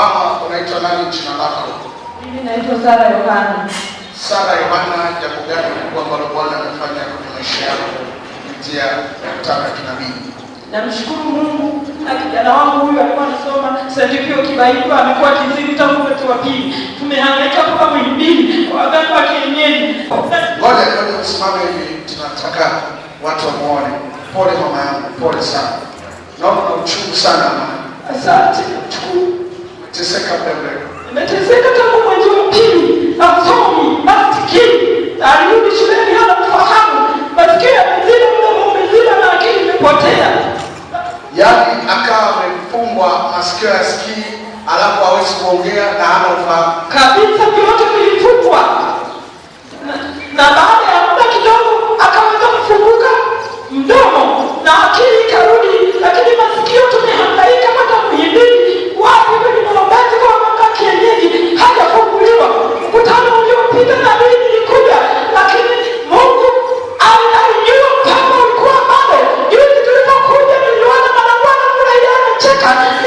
Mama, unaitwa nani jina lako? Mimi naitwa Sara Yohana. Sara Yohana, jambo gani kubwa ambalo Bwana amefanya kwenye maisha yako kupitia mkutano wa kinabii? Namshukuru Mungu na kijana wangu huyu alikuwa anasoma Sergio Kibaiba, amekuwa kiziwi tangu mwezi wa pili. Tumehangaika kwa mwimbili kwa waganga wa kienyeji. Ngoja kwanza usimame hivi, tunataka watu wamuone. Pole mama yangu, pole sana. Naona uchungu sana mama. Asante. Chukuu Teseka mbele. Nimeteseka tangu mwezi wa pili, amsomi maskini, alirudi shuleni hana kufahamu, maskini amezila mdomo umezila na akili imepotea. Yaani akawa amefungwa masikio yasikii, alafu hawezi kuongea na hana ufahamu kabisa, vyote vilifungwa na, na baada ya muda kidogo akaweza kufunguka mdomo na akili ikarudi. থাকি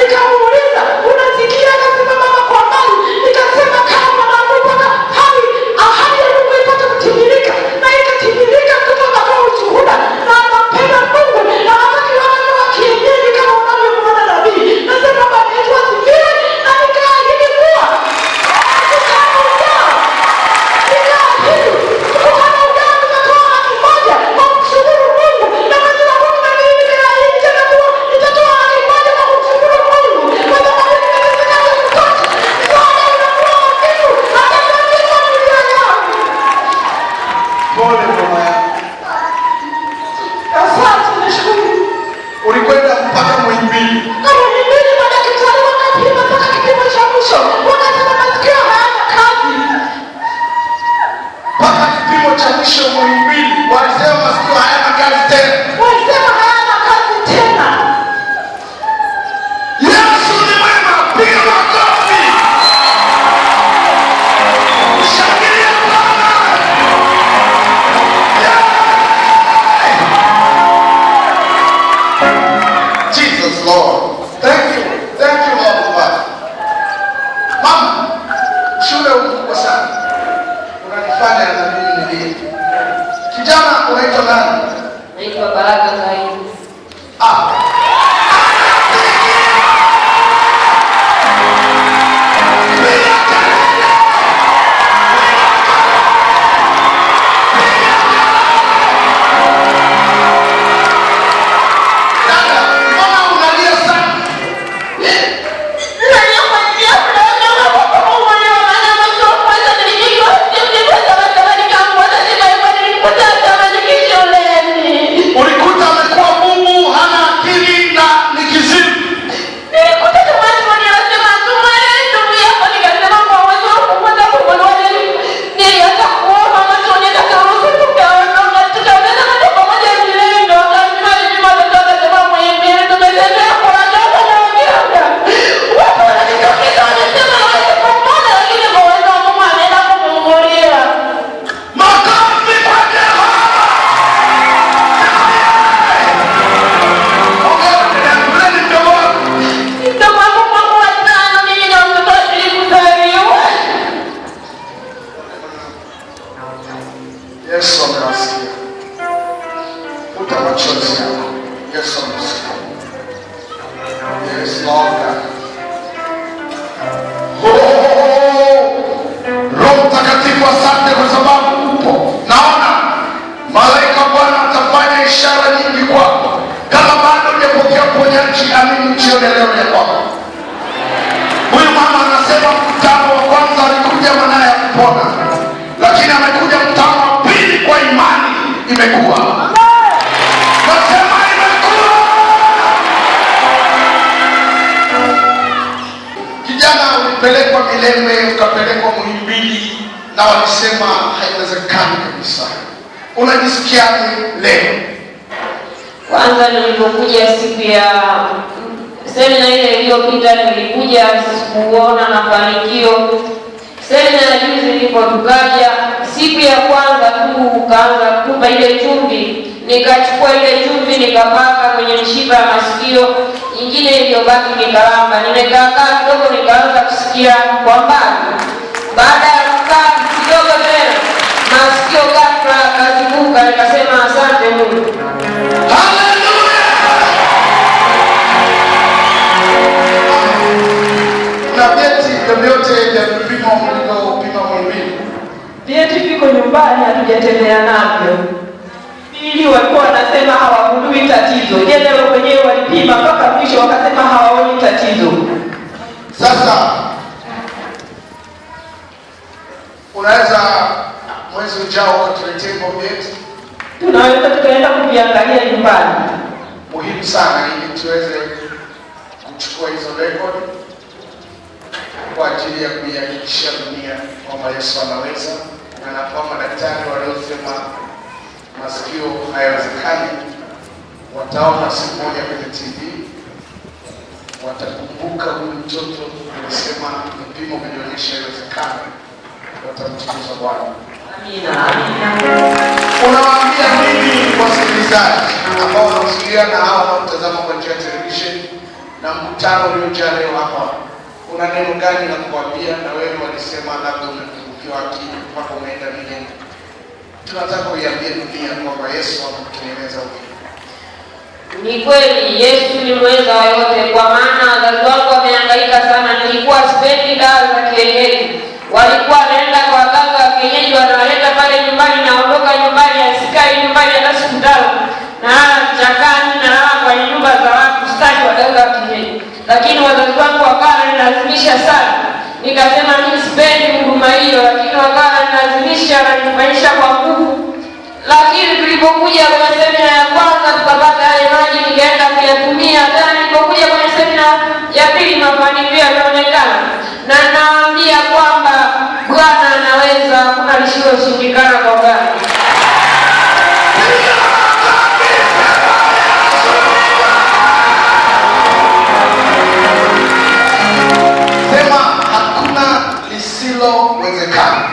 Elisha palavra sua grazia, tutta la Siamo, io sono schiavo. There is love. imekuwa Kijana ulipelekwa Milembe, ukapelekwa Muhimbili na walisema haiwezekani kabisa. Unajisikiaje leo? Kwanza nilipokuja siku ya semina ile iliyopita, nilikuja kuona mafanikio. Semina ya juzi nilipo tukaja ile chumvi, nikachukua ile chumvi nikapaka kwenye mshipa wa masikio, nyingine iliyobaki nikalamba. Nimekaakaa kidogo, nikaanza kusikia kwa mbali. Baada ya kukaa kidogo tena, masikio ghafla akazunguka, nikasema asante Mungu. Vyeti viko nyumbani, hatujatembea navyo. Pili, walikuwa wanasema hawagundui tatizo. Je, wenyewe walipima mpaka mwisho wakasema hawaoni tatizo. Sasa unaweza mwezi ujao ukatuletea bomb tunaweza tukaenda kuviangalia nyumbani. Muhimu sana ili tuweze kuchukua hizo rekodi kwa ajili ya kuihakikishia dunia kwamba Yesu anaweza na kwamba daktari waliosema masikio hayawezekani, wataona siku moja kwenye TV, watakumbuka huyu mtoto alisema vipimo vilionyesha iwezekana, watamtukuza Bwana. Unawaambia nini wasikilizaji ambao wanasulia na hawa wanaotazama kwa njia ya televisheni na mkutano uliojaa leo hapa? kuna neno gani la kuambia? Na wewe walisema labda umepungukiwa akili mpaka umeenda milele tunataka uiambie dunia kwamba Yesu amekutengeneza Ni kweli Yesu ni mweza wa yote, kwa maana wazazi wangu wamehangaika sana. Nilikuwa sipendi dawa za kienyeji, walikuwa wanaenda kwa waganga wa kienyeji, wanawaleta pale nyumbani, naondoka nyumbani, asikai nyumbani hata siku tano, na hala na hala kwenye nyumba za watu, sitaki waganga wa kienyeji, lakini wazazi wangu wakawa wananilazimisha sana maisha akanifanyisha kwa nguvu, lakini tulipokuja kwenye semina ya kwanza tukapata yale maji, nikaenda kuyatumia. Tena nilipokuja kwenye semina ya pili mafanikio yanaonekana, na naambia kwamba Bwana anaweza, kuna lisiloshindikana kwa Bwana. Sema hakuna lisilowezekana.